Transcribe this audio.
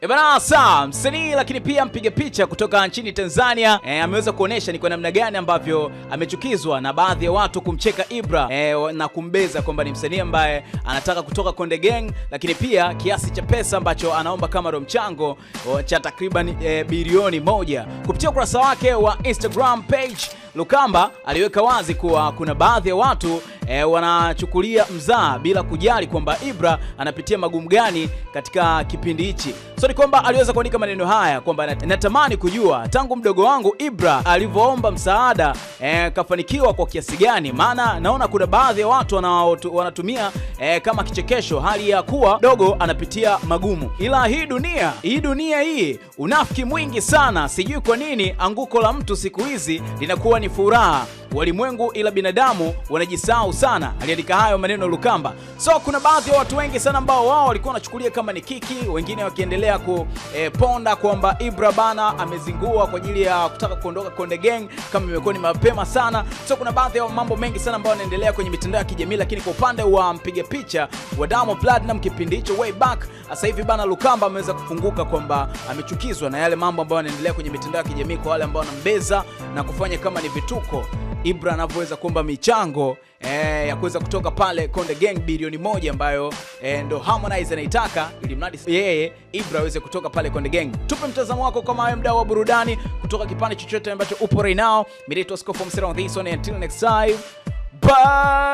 Ebana eh Sam, msanii lakini pia mpiga picha kutoka nchini Tanzania e, ameweza kuonesha ni kwa namna gani ambavyo amechukizwa na baadhi ya watu kumcheka Ibra e, na kumbeza kwamba ni msanii ambaye anataka kutoka Konde Gang, lakini pia kiasi cha pesa ambacho anaomba kama ndo mchango oh, cha takriban e, bilioni moja kupitia ukurasa wake wa Instagram page Lukamba aliweka wazi kuwa kuna baadhi ya watu e, wanachukulia mzaa bila kujali kwamba Ibra anapitia magumu gani katika kipindi hichi. So ni kwamba aliweza kuandika maneno haya kwamba natamani kujua tangu mdogo wangu Ibra alivyoomba msaada e, kafanikiwa kwa kiasi gani, maana naona kuna baadhi ya watu wanatumia e, kama kichekesho, hali ya kuwa dogo anapitia magumu. Ila hii dunia hii dunia hii unafiki mwingi sana, sijui kwa nini anguko la mtu siku hizi linakuwa ni furar. walimwengu ila binadamu wanajisahau sana. Aliandika hayo maneno Lukamba. So kuna baadhi ya watu wengi sana ambao wao walikuwa wanachukulia kama ni kiki, wengine wakiendelea kuponda eh, e, kwamba Ibra bana amezingua kwa ajili ya kutaka kuondoka Konde Gang, kama imekuwa ni mapema sana. So kuna baadhi ya mambo mengi sana ambayo yanaendelea kwenye mitandao ya kijamii, lakini kwa upande wa mpiga picha wa Diamond Platnumz kipindi hicho way back, sasa hivi bana Lukamba ameweza kufunguka kwamba amechukizwa na yale mambo ambayo yanaendelea kwenye mitandao ya kijamii kwa wale ambao wanambeza na kufanya kama ni vituko. Ibra anavyoweza kuomba michango eh, ya kuweza kutoka pale Konde Gang bilioni moja ambayo eh, ndo Harmonize anaitaka ili mradi yeye Ibra aweze kutoka pale Konde Gang. Tupe mtazamo wako kama wewe mdao wa burudani kutoka kipande chochote ambacho upo right now. Mimi ni from this one until next time. Bye.